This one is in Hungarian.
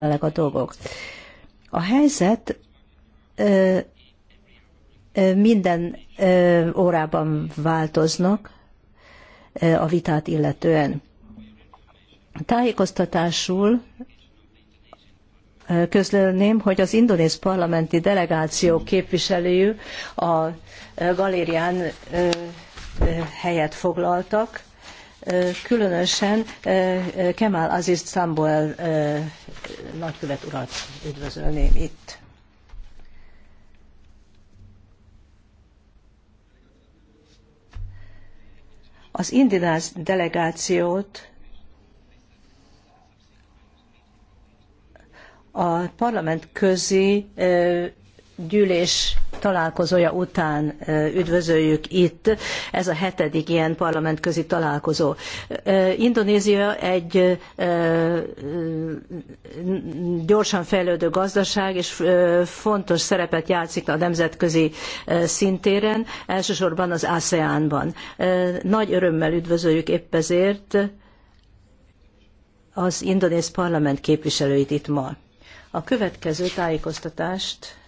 jelenleg a dolgok. A helyzet ö, ö, minden ö, órában változnak ö, a vitát illetően. Tájékoztatásul közlölném, hogy az indonéz parlamenti delegáció képviselői a galérián helyet foglaltak, Különösen Kemal Aziz Szamboel nagykövet urat üdvözölném itt. Az indinás delegációt a parlament közi gyűlés találkozója után üdvözöljük itt. Ez a hetedik ilyen parlamentközi találkozó. Indonézia egy gyorsan fejlődő gazdaság, és fontos szerepet játszik a nemzetközi szintéren, elsősorban az ASEAN-ban. Nagy örömmel üdvözöljük épp ezért az indonéz parlament képviselőit itt ma. A következő tájékoztatást